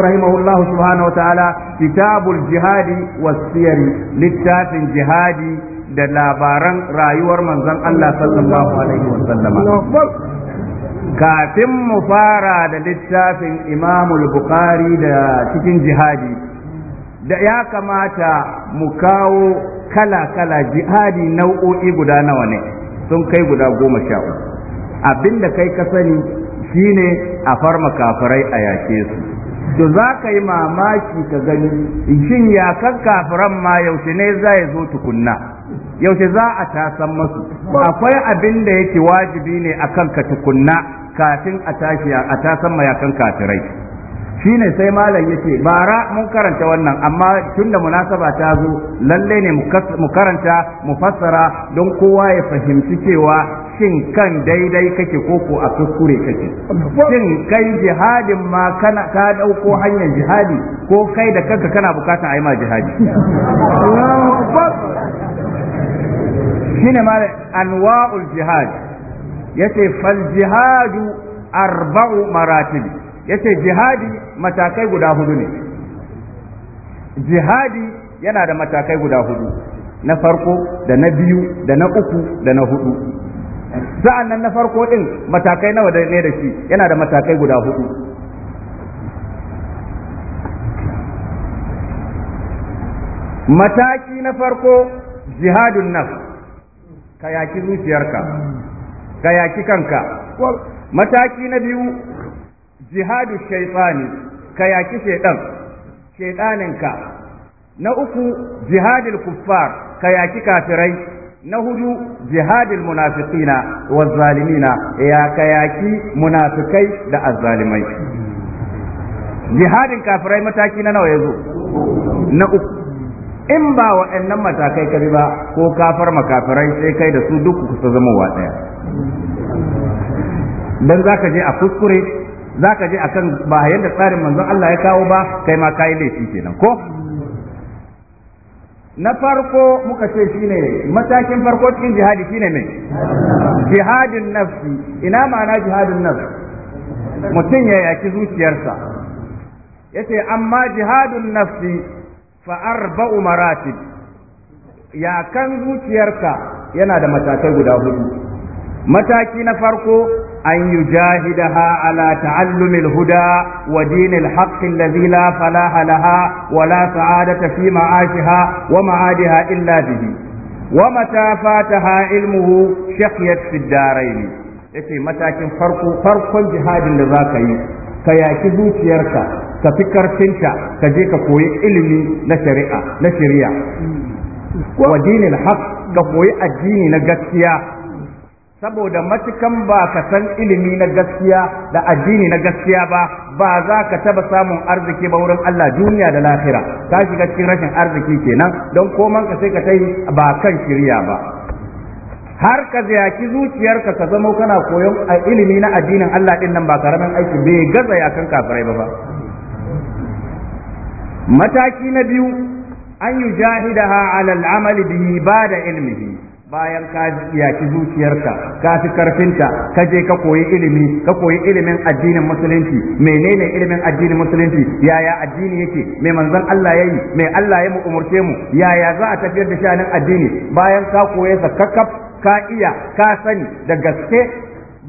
رحمه الله سبحانه وتعالى كتاب الجهاد والسير للتاف الجهاد da labaran rayuwar manzon Allah sallallahu alaihi wasallama kafin mu fara da littafin imamul bukhari da cikin jihadi da ya kamata mu kawo kala-kala jihadi nau'o'i guda nawa ne sun kai guda goma sha abinda kai ka sani shine a farma kafirai a yake su to za ka yi mamaki ka gani shin ya kan kafiran ma yaushe ne za ya zo tukunna yaushe za a tasan masu akwai abin da yake wajibi ne a kanka tukunna kafin a tashi a tasan mayakan kafirai shine sai malam yake bara mun karanta wannan amma tun da munasaba ta zo lalle ne mu karanta mu fassara don kowa ya fahimci cewa shin kan daidai kake ko ko a kuskure kake shin kai jihadin ma kana ka dauko hanyar jihadi ko kai da kanka kana bukatar a yi ma jihadi shine ma anwa'ul jihad yace fal jihadu arba'u maratib yace jihadi matakai guda hudu ne jihadi yana da matakai guda hudu na farko da na biyu da na uku da na hudu sa'an nan na farko din matakai nawa ne da shi yana da matakai guda hudu mataki na farko jihadun naf ka yaki zuciyarka ka yaki kanka mataki na biyu jihadu shaifani ka yaki shaitan na uku jihadul kuffar ka yaki kafirai na hudu jihadin munafiqina wa zalimina ya kayaki munafikai da azzalimai jihadin kafirai mataki na nawa yazo na uku in ba waɗannan matakai kabi ba ko kafar makafirai sai kai da su duk kusa zama wa ɗaya dan zaka je a kuskure zaka je akan ba yadda tsarin manzon Allah ya kawo ba kai ma kai laifi kenan ko na farko muka ce shine matakin farko cikin jihadi shine mai jihadin nafsi ina ma'ana jihadin nafsi mutum ya yaki zuciyarsa yace amma jihadin nafsi fa arba'u maratib kan zuciyarka yana da matakai guda hudu mataki na farko أن يجاهدها على تعلم الهدى ودين الحق الذي لا فلاح لها ولا سعادة في معاشها ومعادها إلا به ومتى فاتها علمه شقيت في الدارين yace matakin farko farkon jihadin da za ka yi ka yaki zuciyarka ka fi karfinta ka je ka koyi ilimi na shari'a na shari'a wa dinil ka koyi addini na gaskiya saboda matukan ba ka san ilimi na gaskiya da addini na gaskiya ba ba za ka taba samun arziki ba wurin Allah duniya da lahira ka shiga cikin rashin arziki kenan don koman ka sai ka tai ba kan shirya ba har ka ziyaki zuciyarka ka zama kana koyon a ilimi na addinin Allah din nan ba karamin aiki bai gaza kan kafirai ba mataki na biyu an yujahidaha ala al-amali bihi ba da ilmihi bayan ka yaki zuciyarka ka fi karfinta ka je ka koyi ilimi ka koyi ilimin addinin musulunci menene ilimin addinin musulunci yaya addini yake me manzon Allah yayi me Allah ya mu umurce mu yaya za a tafiyar da shanin addini bayan ka koye sa kakkaf ka iya ka sani da gaske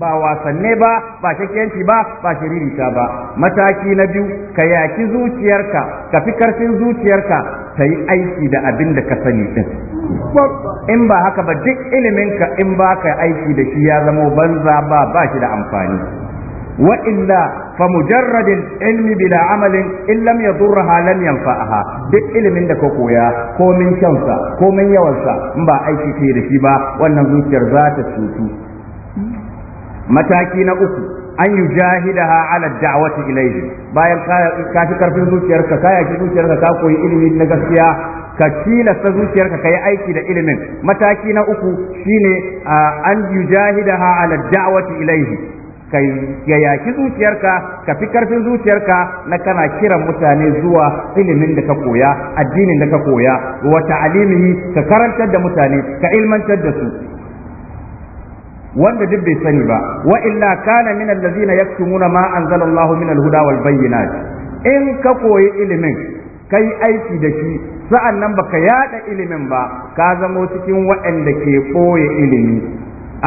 ba wasanne ba ba shakiyanci ba ba shiririta ba mataki na biyu ka yaki zuciyarka ka fi karfin zuciyarka ta yi aiki da abin da ka sani din in ba haka ba duk iliminka in ba ka aiki da shi ya zama banza ba ba shi da amfani wa illa fa mujarradin ilmi bila amalin in lam yadurraha lam yanfa'aha duk ilimin da ka koya ko min kyansa ko min yawansa in ba aiki ke da shi ba wannan zuciyar za ta cutu mataki na uku an yi jahidaha ala da'wati ilayhi bayan ka fi karfin zuciyarka ka yaki zuciyarka ka koyi ilimi na gaskiya ka tilasta zuciyarka ka yi aiki da ilimin mataki na uku shine an ha ala da'wati ilaihi kai ya yaki zuciyarka ka fi karfin zuciyarka na kana kiran mutane zuwa ilimin da ka koya addinin da ka koya wa ta'alimihi ka karantar da mutane ka ilmantar da su wanda duk bai sani ba wa illa kana min allazina yaktumuna ma anzalallahu min alhuda wal bayyinat in ka koyi ilimin kai aiki da shi sa'an nan baka yada ilimin ba ka zamo cikin waɗanda ke koya ilimi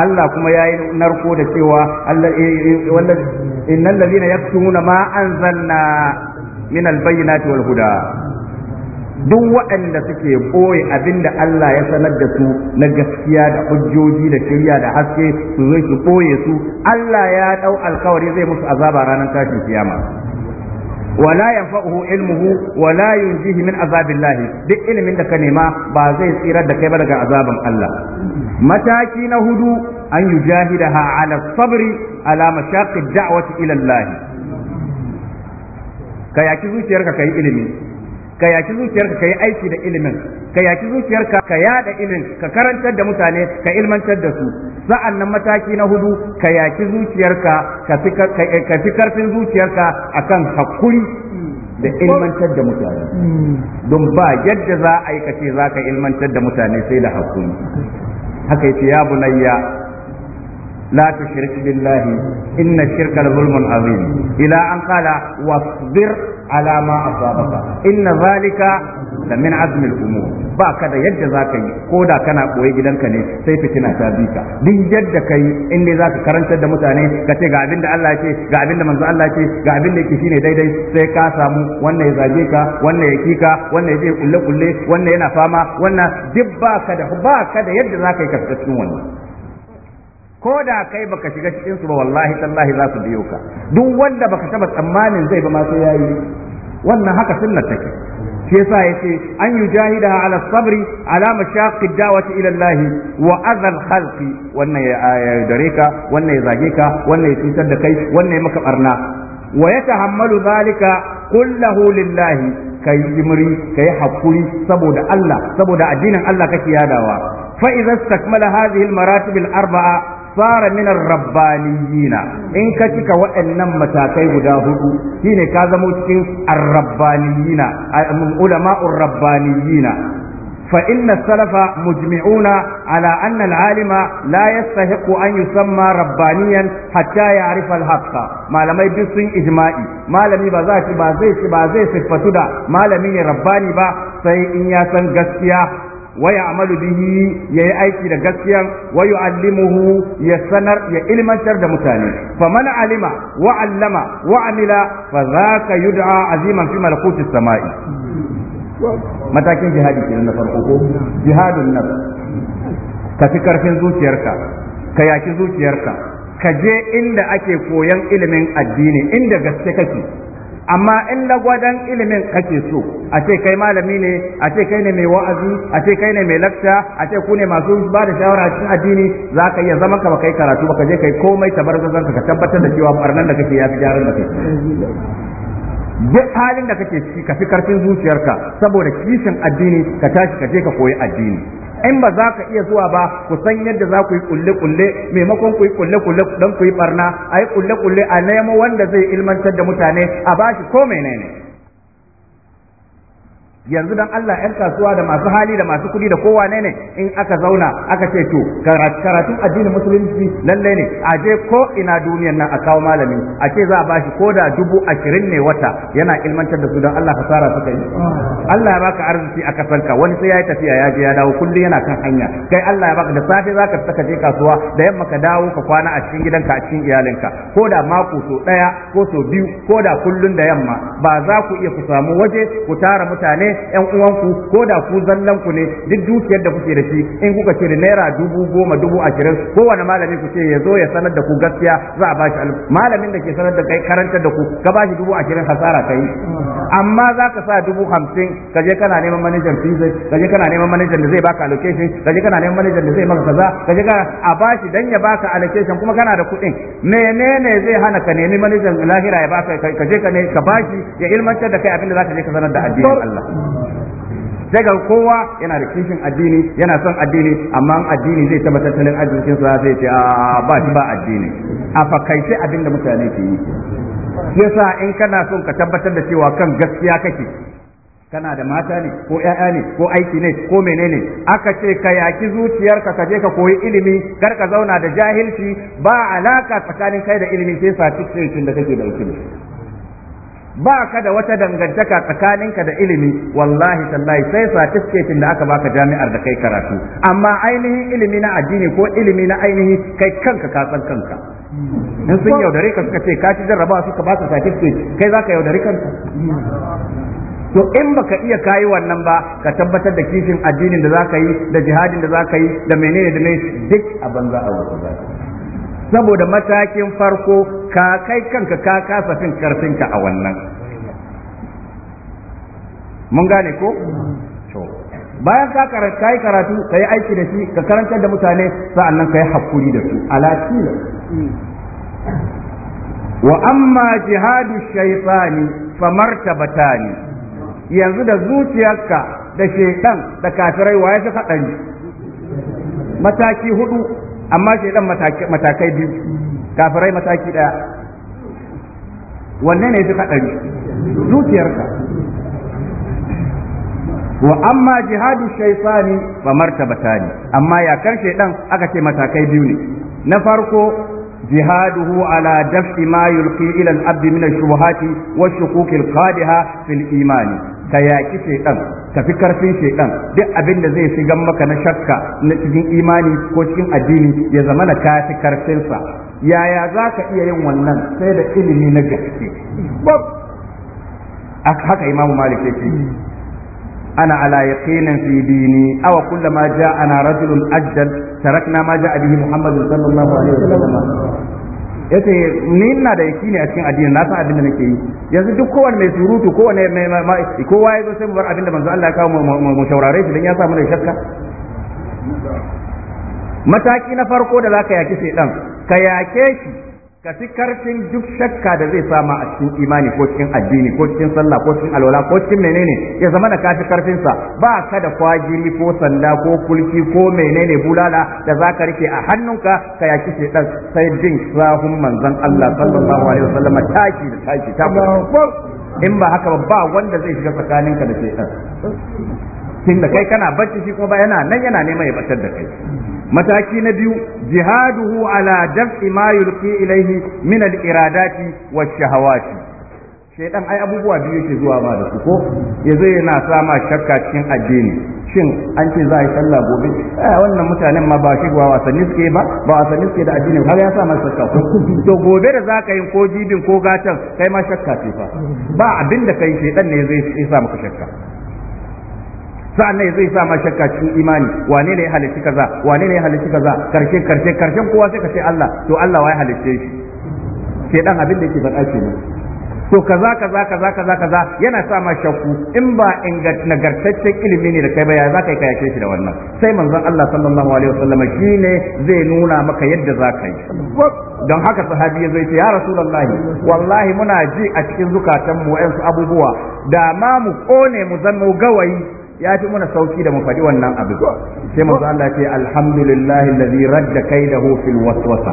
Allah kuma ya yi narko da cewa innan na ya tuna ma an zanna min albayyinati wal huda duk waɗanda suke ɓoye abin da Allah ya sanar da su na gaskiya da hujjoji da shirya da haske su zai su ɓoye su Allah ya ɗau alkawari zai musu azaba ranar tashin kiyama wala yanfa'uhu ilmuhu wala yunjihi min azabillahi duk ilimin da ka nema ba zai tsira da kai ba daga azaban Allah mataki na hudu an yi ha ala sabri ala mashaqqi da'wati ila Allah ka yaki zuciyarka kai ilimi ka yaki zuciyarka ka yi aiki da ilimin ka yaki zuciyarka ka yada ilimin ka karantar da mutane ka ilmantar da su sa'annan mataki na hudu ka yaki zuciyarka ka fi karfin zuciyarka akan hakuri da ilmantar da mutane don ba yadda za a yi kace za ka ilmantar da mutane sai da hakuri haka yace ya bunayya لا تشرك بالله إن الشرك لظلم عظيم إلى أن قال واصبر على ما أصابك إن ذلك من عزم الأمور ba ka da yadda za ka yi ko da kana koyi gidanka ne sai fitina ta bi ka duk yadda ka yi in ne za ka karantar da mutane ka ce ga abin da Allah ce ga abin da manzo Allah ce ga abin da yake shine daidai sai ka samu wannan ya zage ka wannan ya kika wannan ya je kulle kulle wannan yana fama wannan duk ba ka da ba ka da yadda za ka yi ka cikin wannan ko da kai baka shiga cikin su ba wallahi tallahi za su biyo ka duk wanda baka taba tsammanin zai ba ma sai yayi wannan haka sunnar take shi yasa yace an yujahida ala sabri ala mashaqqi da'wati ila Allah wa azal khalqi wannan ya dare ka wannan ya zage ka wannan ya cutar da kai wannan ya maka barna wa yatahammalu zalika kullahu hulillahi, kai jimri kai hakuri saboda Allah saboda addinin Allah kake yadawa fa idza istakmala hadhihi al maratib al arba'a fara minar rabbaniyina in ka cika waɗannan matakai guda hudu shine ka zamo cikin arrabbaniyina um, ulama'ur rabbaniyina fa inna salafa mujmi'una ala anna al'alima la yastahiqu an yusamma rabbaniyan hatta ya'rifa al-haqqa malamai duk sun ijma'i malami ba zai ba da malami ya rabbani ba sai in ya san gaskiya Waya amalu bihi yayi aiki da gaskiya wa yu'allimuhu ya sanar ya ilmantar da mutane fa man alima wa allama wa amila fa zaka yud'a aziman fi malakuti samai matakin jihadi kenan na farko ko jihadun nafs ka fi karfin zuciyarka ka yaki zuciyarka ka je inda ake koyan ilimin addini inda gaske kake amma in lagwadan ilimin kake so a ce kai malami ne a ce kai ne mai wa'azi a ce kai ne mai lakta a ce ku ne masu ba da shawara a cikin addini za ka iya zama ka ba kai karatu ba ka je kai komai ta tabarzazan ka tabbatar da cewa barnan da kake ya fi gyaran da kake duk halin da kake ciki ka fi karfin zuciyarka saboda kishin addini ka tashi ka je ka koyi addini in ba za ka iya zuwa ba ku san yadda za ku yi kulle kulle maimakon ku yi kulle kulle dan ku yi barna a yi kulle kulle a nemo wanda zai ilmantar da mutane a bashi ko menene yanzu dan Allah yan kasuwa da masu hali da masu kuɗi da kowa ne ne in aka zauna aka ce to karatun addinin musulunci lalle ne a je ko ina duniyan nan a kawo malami a ce za a bashi ko da dubu ashirin ne wata yana ilmantar da su dan Allah fasara suka yi Allah ya baka arziki a kasanka wani sai ya yi tafiya ya je ya dawo kullum yana kan hanya kai Allah ya baka da safe za ka saka je kasuwa da yamma ka dawo ka kwana a cikin gidanka a cikin iyalinka ko da mako so ɗaya ko so biyu ko da kullum da yamma ba za ku iya ku samu waje ku tara mutane yan uwanku ko da ku zallan ku ne duk dukiyar da kuke da shi in kuka ce da naira dubu goma dubu ashirin kowane malami ku ce ya zo ya sanar da ku gaskiya za a ba shi malamin da ke sanar da kai karantar da ku ka ba shi dubu ashirin hasara kai amma za ka sa dubu hamsin ka je kana neman manajan fizik ka je kana neman manajan da zai baka allocation ka je kana neman manajan da zai maka kaza ka je kana a ba shi dan ya baka allocation kuma kana da kuɗin menene zai hana ka nemi manajan lahira ya baka ka je ka ne ka ba shi ya ilmantar da kai abin da za ka je ka sanar da addinin Allah daga kowa yana da kishin addini yana son addini amma addini zai taba tattalin arzikin sa zai ce a ba shi ba addini a fakaice abin da mutane ke yi yasa in kana son ka tabbatar da cewa kan gaskiya kake kana da mata ne ko 'ya'ya ne ko aiki ne ko menene aka ce ka yaki zuciyarka ka je ka koyi ilimi kar ka zauna da jahilci ba alaka tsakanin kai da ilimi sai sa cikin da kake da ilimi ba ka da wata dangantaka tsakaninka da ilimi wallahi tallahi sai certificate da aka baka jami'ar da kai karatu amma ainihin ilimi na addini ko ilimi na ainihi kai kanka ka san kanka in sun yaudare ka suka ce ka ci jarrabawa suka ba ka certificate kai za ka yaudare kanka to in baka iya kayi wannan ba ka tabbatar da kishin addinin da za ka yi da jihadin da za ka yi da menene da menene duk a banza a wasu za saboda matakin farko ka kai kanka ka kasa fin karfinka a wannan mun gane ko bayan ka karanta yi karatu ka yi aiki da shi ka karantar da mutane sa'annan ka yi hakuri da su ala wa amma jihadu shaytani fa martabatani yanzu da zuciyarka da shaitan da kafirai waye suka dani mataki hudu amma shaidan matakai biyu kafirai mataki daya wanne ne fi haɗari zuciyarka wa amma jihadu shaytani ba martabatani amma amma yakar shaidan aka ce matakai biyu ne na farko جهاده على دفع ما يلقي إلى العبد من الشبهات والشكوك القادحة في الإيمان كياكي شيطان ka fi karfin shaidan duk abin da zai shigan maka na shakka na cikin imani ko cikin addini ya zama na ka fi karfinsa yaya za ka iya yin wannan sai da ilimi na gaske haka imamu malik yake ana على يقين في ديني أو ja ana rajulun أجدل tarakna ma جاء bihi محمد sallallahu alaihi wa sallam ya ce ni ina da yaki ne a cikin addini na san abin da nake yi yanzu duk kowanne mai surutu kowanne mai kowa ya zo sai mu bar abin da manzo Allah ya kawo mu shaurare shi dan ya sa mana shakka mataki na farko da zaka yaki sai dan ka yake shi ka fi karfin duk shakka da zai sama a cikin imani ko cikin addini ko cikin sallah ko cikin alwala ko cikin menene ya zama da kafi karfin sa ba ka da kwajiri ko sanda ko kulki ko menene bulala da za ka rike a hannunka ka yaki shi dan sai bin sahun manzon Allah sallallahu alaihi wasallam taki da taki ta in ba haka ba ba wanda zai shiga tsakaninka da shaytan tunda kai kana bacci shi kuma ba yana nan yana neman ya batar da kai mataki na biyu jihaduhu ala daf'i ma yulqi ilayhi min hawa iradati wash-shahawati shaytan ai abubuwa biyu yake zuwa ma da su ko yazo yana sama shakka cikin addini shin an ce za a yi talla gobe eh wannan mutanen ma ba shi ba wasanni suke ba ba wasanni suke da addini har ya sa ma shakka ko to gobe da zaka yi ko jibin ko gatar kai ma shakka ce fa ba abinda da kai shaytan ne zai sa maka shakka sa'an nan zai sa ma shakka cikin imani wane ne ya halicci kaza wane ne ya halicci kaza karshe karshe karshen kowa sai ka ce Allah to Allah wa ya halicce shi sai dan abin da yake faɗa kenan to kaza kaza kaza kaza kaza yana sa ma shakku in ba nagartaccen ilimi ne da kai ba ya za ka yi kayake shi da wannan sai manzon Allah sallallahu alaihi wasallam shine zai nuna maka yadda za ka yi don haka sahabi zai ce ya rasulullahi wallahi muna ji a cikin zukatan mu abubuwa da ma mu kone mu zanno gawayi ya fi mana sauki da mu faɗi wannan abu sai manzo Allah ce alhamdulillahi alladhi radda kaidahu fil waswasa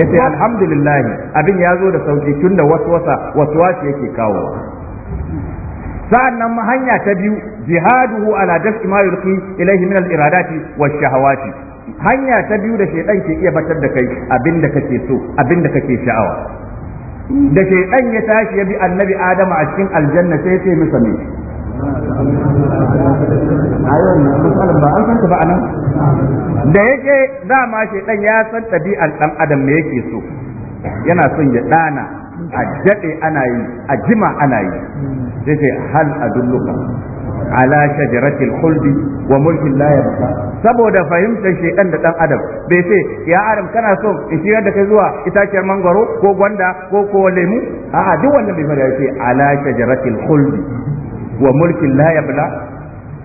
yace alhamdulillahi abin ya zo da sauki tunda waswasa waswasi yake kawo sa'annan hanya ta biyu jihaduhu ala daf'i ma yulqi ilayhi min al iradati wash shahawati hanya ta biyu da shedan ke iya batar da kai abinda kake so abinda kake sha'awa da shedan ya tashi ya bi annabi adama a cikin aljanna sai ya ce masa me da yake dama ya san tabi'an dan adam me yake so yana son ya dana a jade ana yi a jima ana yi sai hal adulluka ala shajaratil khuldi wa mulkin la yabqa saboda fahimtar shedan da dan adam bai ce ya adam kana so in shi da kai zuwa itaciyar mangoro ko gwanda ko ko lemu a'a duk wannan bai fara yace ala shajaratil khuldi wa mulkin la yabla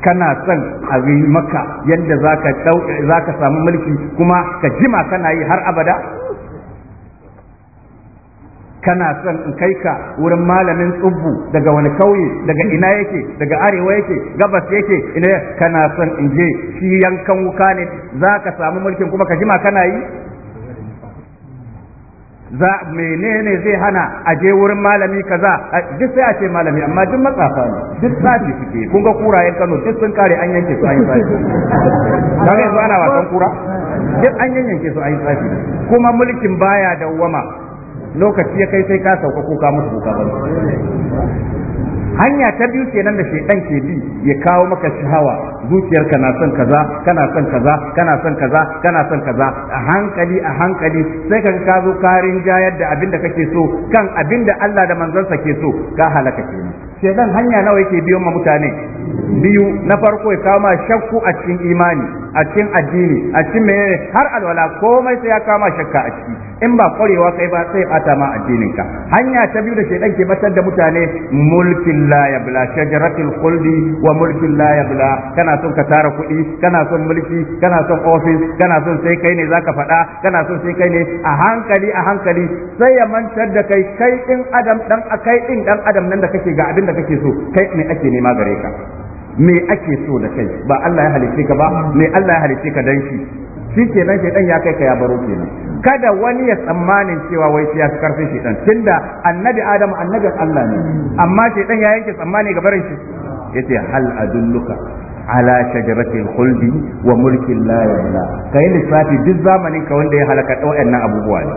kana son a yi maka yadda za ka samu mulki kuma ka jima kana yi har abada kana son in kai ka wurin malamin tsubbu daga wani kauye daga ina yake daga arewa yake gabas yake ina kana son in je shi yankan wuka ne za ka samu mulkin kuma ka jima kana yi za menene zai hana a je wurin malami kaza duk sai a ce malami amma duk matsafa ne duk tsafi suke kun ga yan Kano duk sun kare an yanke su an yi tsafi yanzu ana wasan kura duk an yanke su an yi kuma mulkin baya dawwama lokaci ya kai sai ka sauka ko ka mutu ko hanya ta biyu kenan da shedan ke bi ya kawo maka shahawa zuciyarka na son kaza kana son kaza kana son kaza kana son kaza a hankali a hankali sai ka ka zo karin jayar da abin da kake so kan abin da Allah da manzansa ke so ka halaka kenan shedan hanya nawa yake biyo ma mutane biyu na farko ya kama shakku a cikin imani a cikin addini a cikin menene har alwala komai sai ya kama shakka a ciki in ba kwarewa kai ba sai bata ma addininka hanya ta biyu da shedan ke batar da mutane mulkin la yabla shajaratul khuldi wa mulkin la yabla kana son ka tara kuɗi kana son mulki kana son office kana son sai kai ne zaka faɗa kana son sai kai ne a hankali a hankali sai ya mantar da kai kai din adam dan kai din dan adam nan da kake ga abin da kake so kai me ake nema gare ka me ake so da kai ba Allah ya halice ka ba me Allah ya halice ka dan shi shi nan shaidan ya kai ka ya baro kenan kada wani ya tsammanin cewa wai ya fi karfin shaidan tunda annabi adam annabin Allah ne amma shaidan ya yanke tsammani ga barin shi yace hal adulluka ala shajarati khuldi wa mulkin la yabla kai lissafi duk zamanin ka wanda ya halaka waɗannan abubuwa ne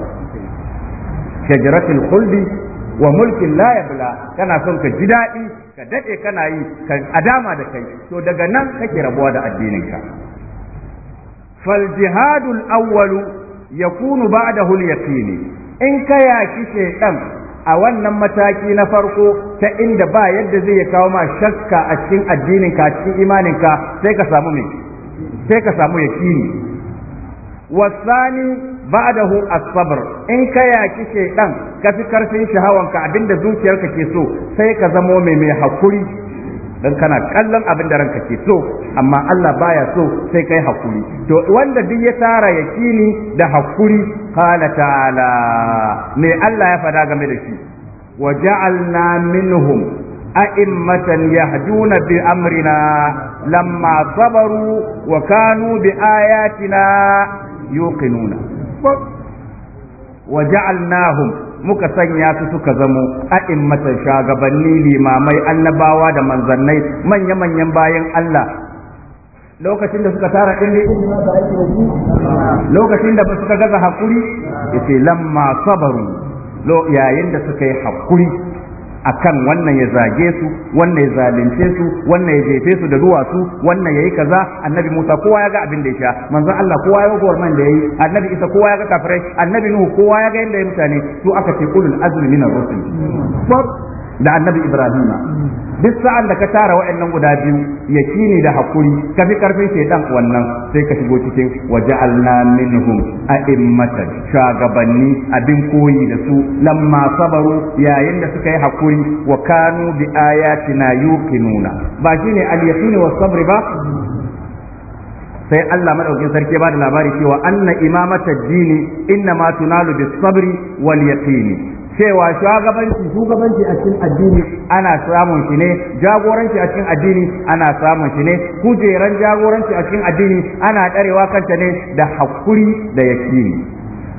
shajaratul khuldi wa mulkin la kana son ka ji daɗi ka daɗe kana yi ka adama da kai to daga nan kake rabuwa da addininka fal jihadul awwalu yakunu ba'dahu al-yaqini in ka yaki shaytan a wannan mataki na farko ta inda ba yadda zai kawo ma shakka a cikin addininka a cikin imaninka sai ka samu me sai ka samu yaqini wasani ba da hu asabar in ka yaki shedan ka fi karfin shahawanka abinda zuciyarka ke so sai ka zamo mai mai hakuri dan kana kallon abin da ranka ke so amma Allah baya so sai kai hakuri to wanda duk ya tara yakini da hakuri qala ta'ala me Allah ya fada game da shi waja'alna minhum a'immatan yahduna bi amrina lamma sabaru wa kanu bi ayatina yuqinuna waja'alnahum muka sanya su suka zamo a'immatan shagabanni limamai annabawa da manzannai manya-manyan bayan Allah lokacin da suka tara ɗin lokacin da suka gaza hakuri yace lamma sabaru lo yayin da suka yi hakuri akan wannan ya zage su wannan ya zalunce su wannan ya jefe su da duwatsu wannan ya yi kaza annabi Musa kowa ya ga abin da ya sha manzon Allah kowa ya ga gorman da yi, annabi Isa kowa ya ga kafirai annabi Nuhu kowa ya ga yadda ya mutane su aka ce ulul azmi minar rusul da annabi ibrahim duk sa'an da ka tara wa'annan guda biyu yakini da hakuri ka fi karfin shaidan wannan sai ka shigo cikin waje minhum a'immatan shagabanni abin koyi da su lamma sabaru yayin da suka yi hakuri wa kanu bi na yuqinuna ba shine al-yaqini was sabr ba sai Allah madaukin sarki ba da labari cewa anna imamata dini inna ma tunalu bis sabri wal yaqini cewa shugabanci shugabanci a cikin addini ana samun shi ne jagoranci a cikin addini ana samun shi ne kujeran jagoranci a cikin addini ana darewa kanta ne da hakuri da yakini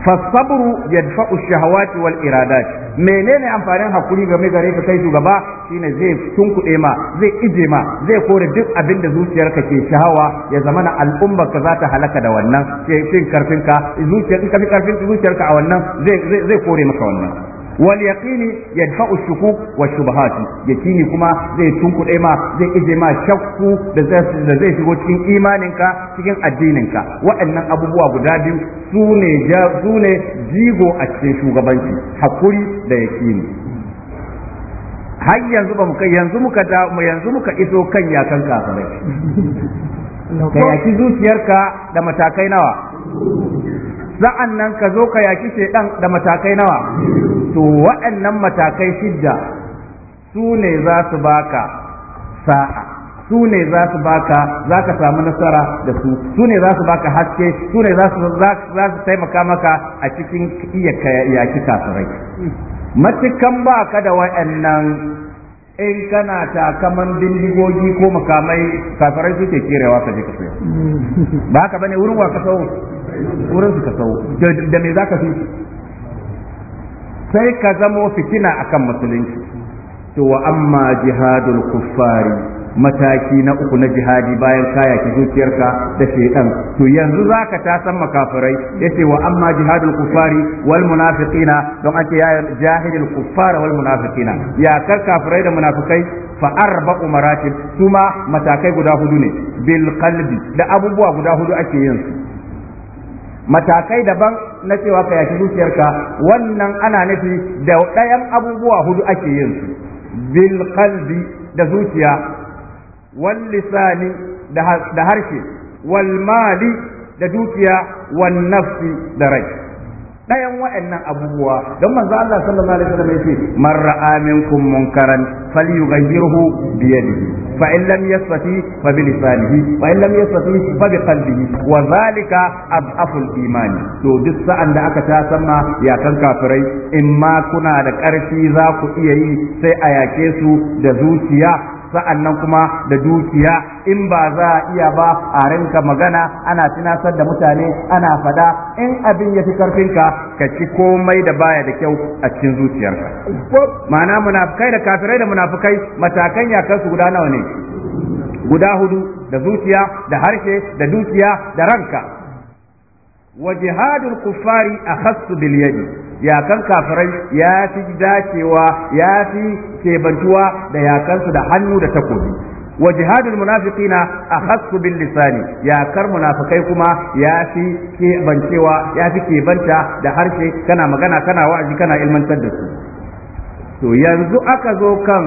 fasabru yadfa'u shahawati wal iradat menene amfanin hakuri game gare ka kai shugaba shine zai tunkuɗe ma zai ije ma zai kore duk abin da zuciyarka ke shahawa ya zama na al'ummar ka za ta halaka da wannan sai fin karfin ka zuciyar in ka fi karfin zuciyarka a wannan zai zai kore maka wannan wal yaqini yadfa'u shukuk wa shubahati yakini kuma zai tunkuɗe ma zai ije ma shakku da zai shigo cikin imaninka cikin addininka waɗannan abubuwa guda biyu su ne su ne jigo a cikin shugabanci hakuri da yaqini har yanzu ba mu kai yanzu muka da yanzu muka iso kan yakan kafirai kai yaki zuciyarka da matakai nawa sa'an nan ka zo ka yaki shaidan da matakai nawa to waɗannan matakai shidda su ne za su baka sa'a su ne za su baka za ka samu nasara da su su ne za su baka haske su ne za su taimaka maka a cikin iya yaki kafirai matukan ba ka da waɗannan in kana kaman bindigogi ko makamai kafirai suke kerewa ka je ka sayo ba haka bane wurin wa ka sayo wurin su ka sayo da me zaka fi sai ka zamo fitina akan musulunci to wa amma jihadul kuffari mataki na uku na jihadi bayan kaya ki zuciyarka da shedan to yanzu zaka ta san makafirai yace wa amma jihadul kufari wal munafiqina don ake ya jahilul kuffara wal munafiqina ya kar kafirai da munafikai fa arba'u maratib kuma matakai guda hudu ne bil qalbi da abubuwa guda hudu ake yin su matakai daban na cewa ka yaki zuciyarka wannan ana nufi da ɗayan abubuwa hudu ake yin su bil qalbi da zuciya wal lisani da harshe walmali da dukiya wan nafsi da rai ɗayan waɗannan abubuwa don manzo Allah sallallahu alaihi wasallam yace man ra'a minkum munkaran falyughayyirhu bi yadihi fa in lam yastati fa bi lisanihi fa in lam yastati fa bi qalbihi wa zalika adhaful iman to duk sa'an da aka ta sama ya kan kafirai in ma kuna da ƙarfi za ku iya yi sai a yake su da zuciya sa'annan kuma da dukiya in ba za a iya ba a rinka magana ana tunasar da mutane ana fada in abin ya fi karfinka ka ci komai da baya da kyau a cikin zuciyarka ma'ana munafukai da kafirai da munafukai matakan ya kansu guda nawa ne guda hudu da zuciya da harshe da dukiya da ranka wa jihadul kuffari a bil yadi yakan kafirai ya fi dacewa ya fi kebantuwa da yakansu da hannu da takobi wa jihadul munafiqina akhassu bil lisani yakar munafikai kuma ya fi kebancewa ya fi kebanta da harshe kana magana kana wa'azi kana ilmantar da su to yanzu aka zo kan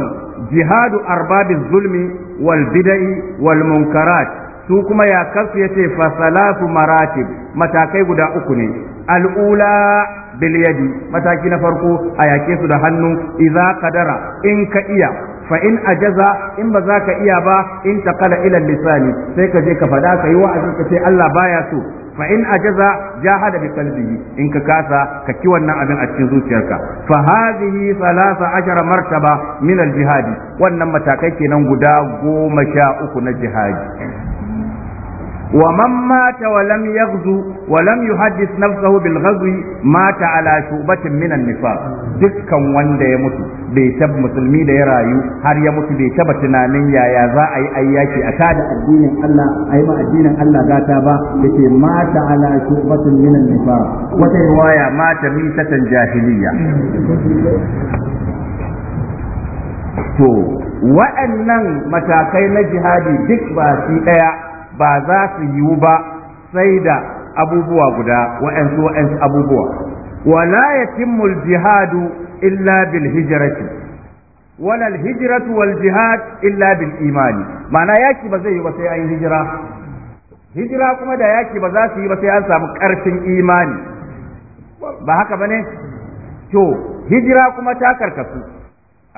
jihadu arbabiz zulmi wal bida'i wal munkarat su kuma ya kasu yace fa salatu maratib matakai guda uku ne al'ula bil yadi mataki na farko a yake su da hannu idza qadara in ka iya fa in ajaza in ba za ka iya ba in ta taqala ila lisani sai ka je ka fada ka yi wa'azi ka ce Allah baya so fa in ajaza jahada bi qalbihi in ka kasa ka ki wannan abin a cikin zuciyarka fa hadhihi salasa ashara martaba min al jihadi wannan matakai kenan guda goma sha uku na jihadi ومن مات ولم Yuhaddis ولم يحدث نفسه بالغزو مات على شعبة من النفاق dukkan wanda ya mutu bai taba musulmi da ya rayu har ya mutu bai taba tunanin yaya za a yi ayyaki a kada addinin Allah a yi ma addinin Allah gata ba yake mata ala shubatun minan nifaq wata riwaya mata mitatan jahiliya to waɗannan matakai na jihadi duk basi ɗaya. ba za su yiwu ba sai da abubuwa guda wa'ansu wa'ansu abubuwa wala yatimmu jihadu illa bil hijrati wala al-hijratu wal jihad illa bil imani ma'ana yaki ba zai yi ba sai an hijira hijira kuma da yaki ba za su yi ba sai an samu karfin imani ba haka bane to hijira kuma ta karkasu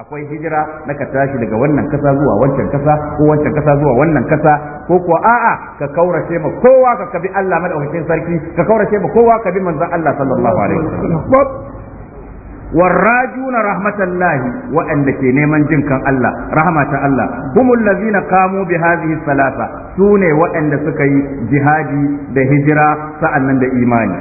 akwai hijira na ka tashi daga wannan kasa zuwa wancan kasa ko wancan kasa zuwa wannan kasa ko kuwa a'a ka kaurace ma kowa ka kabi Allah madaukakin sarki ka kaurace ma kowa ka bi manzon Allah sallallahu alaihi wasallam والراجون رحمة الله وأن لكي نيمان جنكا الله رحمة الله هم الذين قاموا بهذه الثلاثة سوني وأن لسكي جهادي بهجرة سألنا بإيماني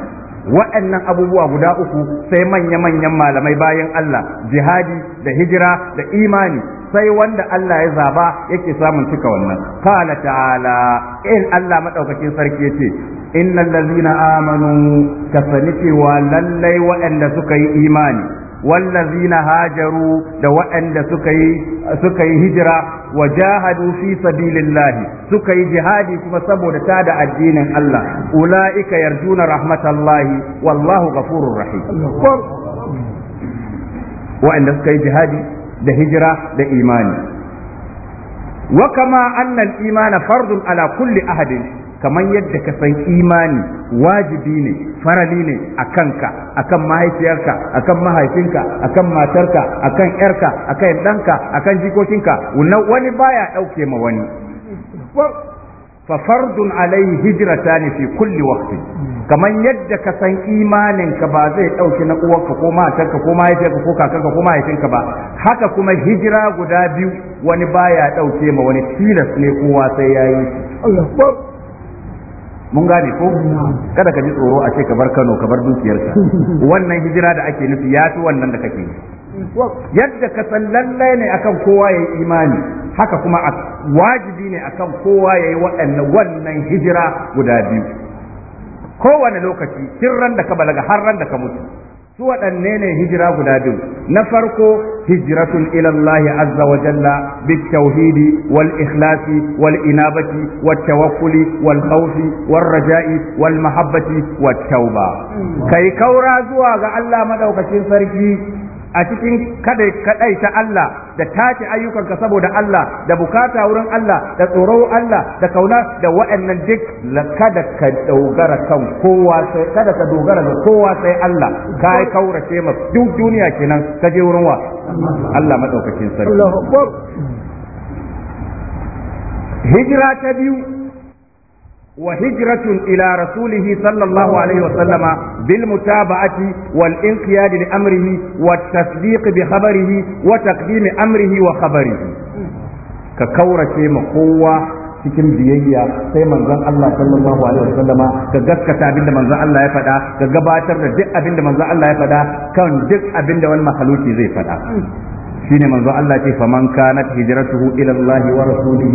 waɗannan abubuwa guda uku sai manya-manyan malamai bayan Allah jihadi da hijira da imani sai wanda Allah ya zaba yake samun cika wannan Kala ta'ala in Allah madaukakin sarki yace innal ladzina amanu kasani cewa lallai waɗanda suka yi imani wallazina hajaru da waɗanda suka yi suka yi hijira wa jahadu fi sabilillahi suka yi jihadi kuma saboda tada addinin Allah ulaika yarjuna rahmatallahi wallahu ghafurur rahim waɗanda suka yi jihadi da hijira da imani wa kama anna al-imana fardun ala kulli ahadin kamar yadda ka san imani wajibi ne farali ne a kanka a kan mahaifiyarka a kan mahaifinka a kan matarka a akan yarka akan ɗanka kan jikokinka wani baya ɗauke ma wani Fafardun fardun alaihi ta nufi kulli waqti kamar yadda ka san imaninka ba zai ɗauki na uwarka ko matarka ko mahaifiyarka ko kakarka ko mahaifinka ba haka kuma hijira guda biyu wani baya ɗauke ma wani tilas ne kowa sai yayi mun gane ko kada ka ji tsoro a ce ka Kano ka bar dukiyarka wannan hijira da ake nufi ya fi wannan da kake yi yadda ka san lallai ne akan kowa ya yi imani haka kuma wajibi ne akan kowa ya yi waɗannan wannan hijira guda biyu kowane lokaci kin ran da ka balaga har ran da ka mutu su waɗanne ne hijira guda biyu na farko hijiratun ilallahi Allah azza wa jalla tauhidi wal ikhlasi wal inabati wat tawakkuli wal khawfi war raja'i wal mahabbati wat tauba mm. kai kaura zuwa ga Allah madaukakin sarki a cikin kadai ta Allah da tace ayyukanka saboda Allah da bukata wurin Allah da tsoro Allah da kauna da wa'annan duk kada ka dogara kan kowa sai kada ka dogara ga kowa sai Allah kai kaurace ma duk duniya kenan ka je wurin wa Allah madaukakin sarki Allahu hijira ta biyu وهجرة إلى رسوله صلى الله عليه وسلم بالمتابعة والانقياد لأمره والتصديق بخبره وتقديم أمره وخبره ككورة مقوة cikin biyayya sai manzon Allah sallallahu alaihi wasallama ga gaskata abinda manzon Allah ya faɗa ka gabatar da duk abinda manzon Allah ya faɗa kan duk abinda wani mahaluki zai faɗa shine manzo Allah ce fa faman kanat hijratuhu ila Allah wa rasulih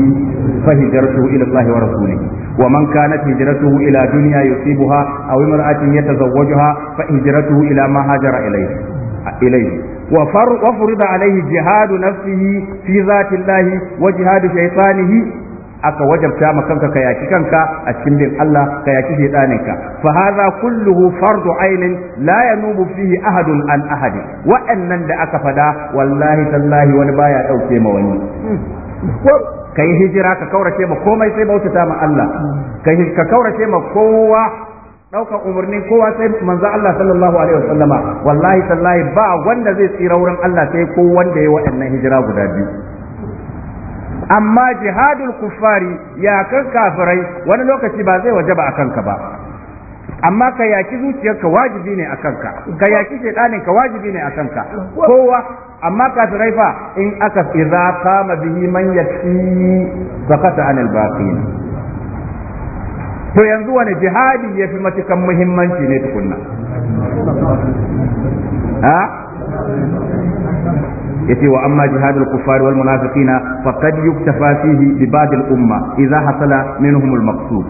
fa hijratuhu ila Allah wa rasulih wa man kanat hijratuhu ila dunya yusibuha aw imra'atin yatazawwajuha fa hijratuhu ila ma hajara ilayhi ilayhi wa farida alayhi jihadu nafsihi fi zati Allah wa jihadu shaytanihi aka wajabta ma kanka ka yaki kanka a cikin bin Allah ka yaki shedaninka fa hadha kulluhu fardu ainin la yanubu fihi ahadun an ahadi wa'annan da aka fada wallahi tallahi wani baya dauke ma wani kai hijira ka kaurace ma komai sai bautata ma Allah ka kaurace ma kowa daukan umarnin kowa sai manzo Allah sallallahu alaihi wasallama wallahi tallahi ba wanda zai tsira wurin Allah sai ko wanda ya waɗannan hijira guda biyu amma jihadul kuffari ya kan kafirai wani lokaci ba zai waje ba a kanka ba amma ka yaki zuciyarka wajibi ne a kanka ka yaki shaidanin ka wajibi ne a kanka kowa amma kafirai fa in aka idza qama bihi man yakfi zakata anil baqin to yanzu wani jihadi yafi matukan muhimmanci ne tukunna yace wa amma jihadul kuffar wal munafiqina faqad yuktafa fihi bi ba'd al umma idza hasala minhum al maqsud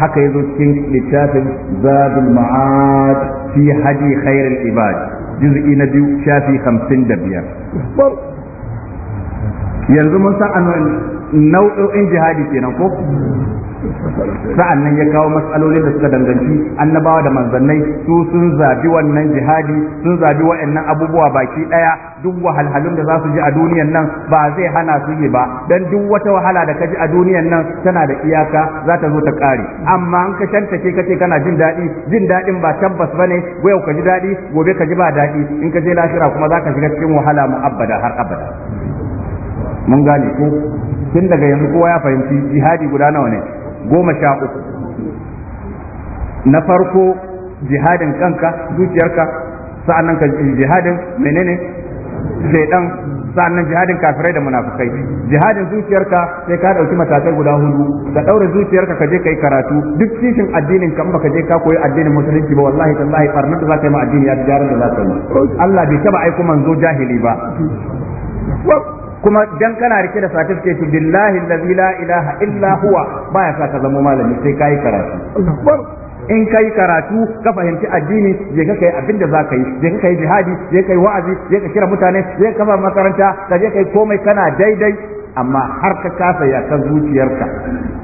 haka yazo cikin littafin zadul ma'ad fi hadi khairul ibad juz'i na biyu shafi 55 yanzu mun san nau'o'in jihadi kenan ko sa'an nan ya kawo matsalolin da suka danganci annabawa da manzannai su sun zabi wannan jihadi sun zabi wa'annan abubuwa baki daya duk wahalhalun da za su ji a duniyan nan ba zai hana su yi ba dan duk wata wahala da ka ji a duniyan nan tana da iyaka za ta zo ta kare amma an ka shanta ke kace kana jin daɗi jin daɗin ba tabbas bane gobe ka ji daɗi gobe ka ji ba daɗi in ka je lafira kuma za ka shiga cikin wahala mu abada har abada mun gane ko tun daga yanzu kowa ya fahimci jihadi guda nawa ne goma sha uku na farko jihadin kanka zuciyarka sa'annan ka jihadin menene shaidan sa'annan jihadin kafirai da munafukai jihadin zuciyarka sai ka dauki matakai guda hudu ka daura zuciyarka ka je kai karatu duk cikin addinin ka baka je ka koyi addinin musulunci ba wallahi tallahi barnar da za yi ma addini ya jaran da za yi Allah bai taba aiko manzo jahili ba kuma dan kana rike da certificate billahi allazi la ilaha illa huwa ya sa ka zama malami sai kai karatu in kai karatu ka fahimci addini je ka kai abinda za ka yi je ka kai jihadi je ka kai wa'azi je ka kira mutane je ka kafa makaranta ka je kai komai kana daidai amma har ka kasa ya ka zuciyarka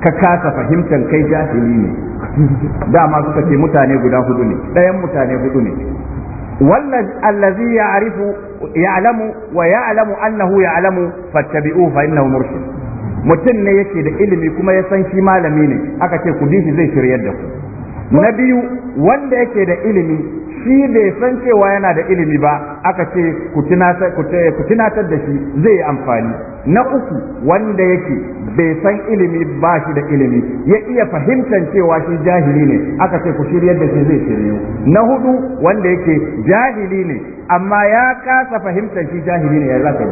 ka kasa fahimtar kai jahili ne dama suka ce mutane guda hudu ne ɗayan mutane hudu ne والذي يعرف يعلم ويعلم yalamu يعلم فاتبعوه فإنه مرشد mutum ne yake da ilimi kuma ya san shi malami ne aka ce ku bi zai shiryar da ku na biyu wanda yake da ilimi shi bai san cewa yana da ilimi ba aka ce ku tunatar da shi zai yi amfani na uku wanda yake bai san ilimi ba shi da ilimi ya iya fahimtar cewa shi jahili ne aka ce ku shiryar da shi zai shiryu na hudu wanda yake jahili ne amma ya kasa fahimtar shi jahili ne ya zaka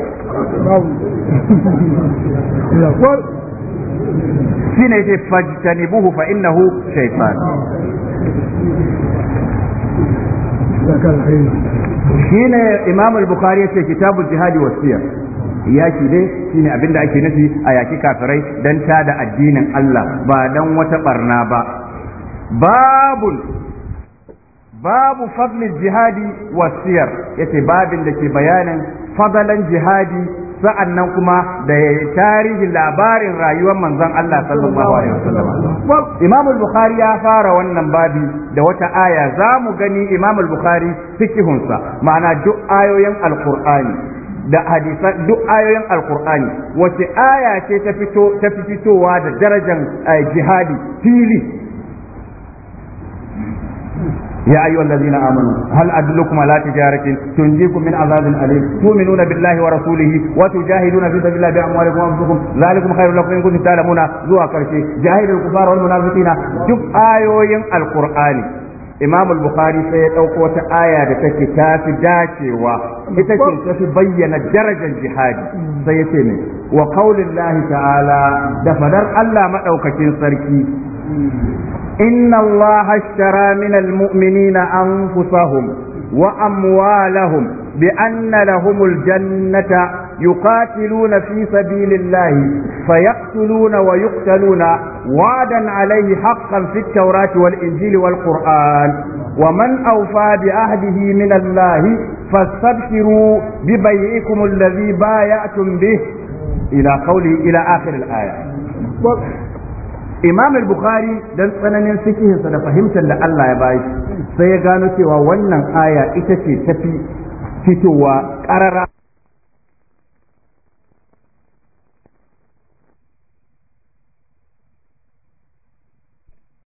yi ne ce fajtanibuhu fa innahu shine imam al-bukhari yace kitabul jihadi wasiya yaki dai shine abinda ake nufi a yaki kafirai dan ta da addinin Allah ba dan wata barna ba babul babu fadlil jihadi wasiyar yace babin da ke bayanin fadalan jihadi Sa'annan kuma da tarihin labarin rayuwar manzon Allah sallallahu alaihi wasallam Imam al-Bukhari ya fara wannan babi da wata aya za mu gani Imam al-Bukhari fikihunsa ma'ana duk ayoyin Al-Qur'ani da hadisa duk ayoyin alkur'ani wace aya ce ta fito ta fitowa da darajar eh, jihadi fili يا أيها الذين آمنوا هل أدلكم على تجارة تنجيكم من عذاب أليم تؤمنون بالله ورسوله وتجاهدون في سبيل الله بأموالكم وأنفسكم ذلكم خير لكم إن كنتم تعلمون ذو كرشي جاهد الكفار والمنافقين جب آيوين القرآن Imam al-Bukhari sai ya ɗauko wata aya da take ta fi dacewa ita ce ta fi bayyana darajar jihadi sai ya ce ne wa qaulin ta'ala da fadar Allah madaukakin sarki إن الله اشترى من المؤمنين أنفسهم وأموالهم بأن لهم الجنة يقاتلون في سبيل الله فيقتلون ويقتلون وعدا عليه حقا في التوراة والإنجيل والقرآن ومن أوفى بعهده من الله فاستبشروا ببيعكم الذي بايعتم به إلى قوله إلى آخر الآية imam al-bukhari dan tsananin sikihinsa da fahimtar da Allah ya bashi sai ya gano cewa wannan aya ita ce tafi fitowa ƙarara